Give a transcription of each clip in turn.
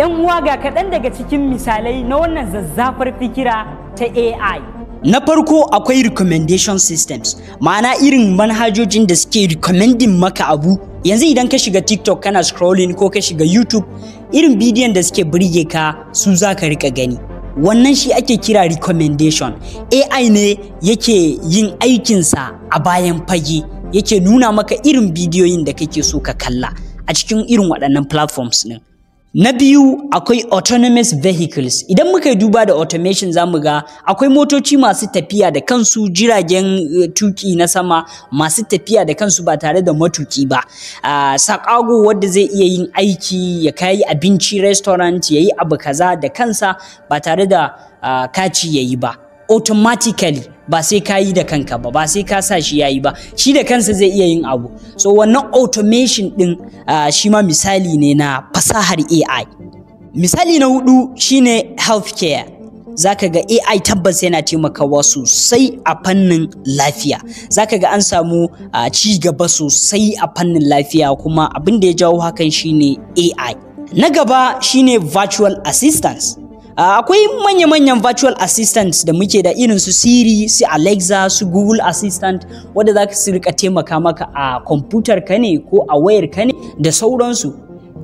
'yan uwa ga kaɗan daga cikin misalai na wannan zazzafar fikira ta AI. Na farko akwai recommendation systems, ma'ana irin manhajojin da suke recommending maka abu yanzu idan ka shiga TikTok kana scrolling ko ka shiga YouTube irin bidiyon da suke birge ka su za ka rika gani. Wannan shi ake kira recommendation. AI ne yake yin aikinsa a bayan fage, yake nuna maka irin bidiyoyin da kake so ka kalla a cikin irin waɗannan platforms ɗin. Na biyu akwai autonomous vehicles. Idan muka duba da automation za mu ga akwai motoci masu tafiya da kansu jiragen eh, tuki na sama masu tafiya da kansu ba tare da matuki ba. Uh, Sakago wadda zai iya yin aiki ya kai abinci restaurant ya yi abu kaza da kansa ba tare da kaci ya yi ba. Automatically ba sai ka yi da kanka ba ba sai ka sa shi ya yi ba shi da kansa zai iya yin abu so wannan automation din shi ma misali ne na fasahar AI misali na hudu shine healthcare zaka ga AI tabbas yana taimakawa sosai a fannin lafiya zaka ga an samu uh, ci gaba sosai a fannin lafiya kuma abin da ya jawo hakan shine AI na gaba shine virtual assistance Ah, akwai manya-manyan virtual assistant da muke da irin su Siri, su Alexa, su Google Assistant wadda za su rika taimaka maka a kwamfutar ka ne ko a wayar ka ne da sauransu.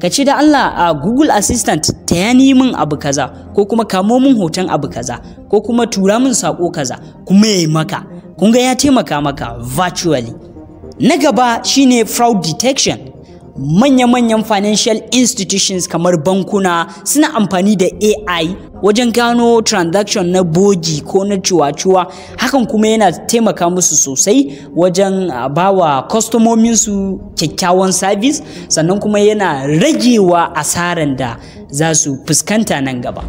Ka ce da Allah a Google Assistant ta yani min abu kaza ko kuma kamo min hoton abu kaza ko kuma tura min sako kaza kuma ya yi maka. Kun ga ya taimaka maka virtually. Na gaba shine fraud detection. manya-manyan financial institutions kamar bankuna suna amfani da AI wajen gano transaction na bogi ko na cuwa-cuwa hakan kuma yana taimaka musu sosai wajen ah, bawa kwastomominsu kyakkyawan service sannan kuma yana ragewa asaran da za su fuskanta nan gaba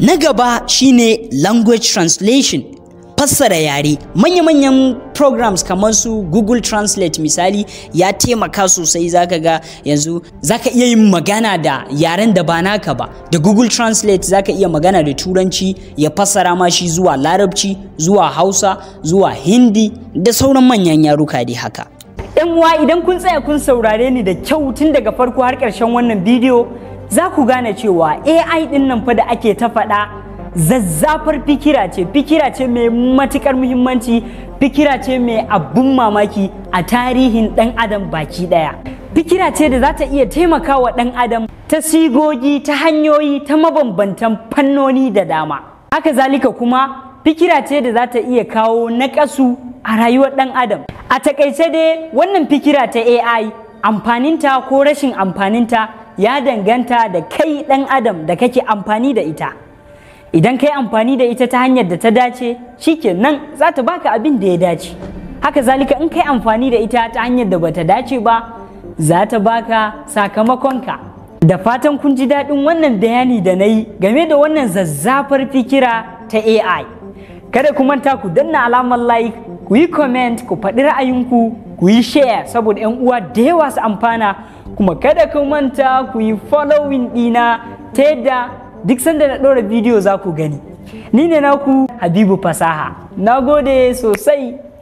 na gaba shine language translation fassara yare manya-manyan programs kamar su google translate misali ya taimaka sosai zaka ga yanzu zaka iya yin magana da yaren da ba naka ba da google translate zaka iya magana da turanci ya fassara ma shi zuwa larabci zuwa hausa zuwa hindi da sauran manyan yaruka dai haka yan uwa idan kun tsaya kun saurare ni da kyau tun daga farko har ƙarshen wannan bidiyo za ku gane cewa ai ɗinnan nan fa da ake ta faɗa zazzafar fikira ce fikira ce mai matukar muhimmanci fikira ce mai abun mamaki a tarihin ɗan adam baki ɗaya fikira ce da za ta iya taimakawa ɗan adam ta sigogi ta hanyoyi ta mabambantan fannoni da dama haka zalika kuma fikira ce da za ta iya kawo naƙasu a rayuwar ɗan adam a takaice dai wannan fikira ta ai amfaninta ko rashin amfaninta ya danganta da kai ɗan adam da kake amfani da ita idan ka yi amfani da ita ta hanyar da ta dace shikenan za ta baka abin da ya dace haka zalika in ka yi amfani da ita ta hanyar da bata dace ba za ta baka sakamakonka da fatan kun ji daɗin wannan bayani da na yi game da wannan zazzafar fikira ta ai kada ku manta ku danna alamar like ku yi comment ku faɗi ra'ayinku ku yi share saboda 'yan uwa da yawa su amfana kuma kada ku manta ku yi following ɗina ta yadda duk sanda na ɗora bidiyo za ku gani ni ne naku habibu fasaha na gode sosai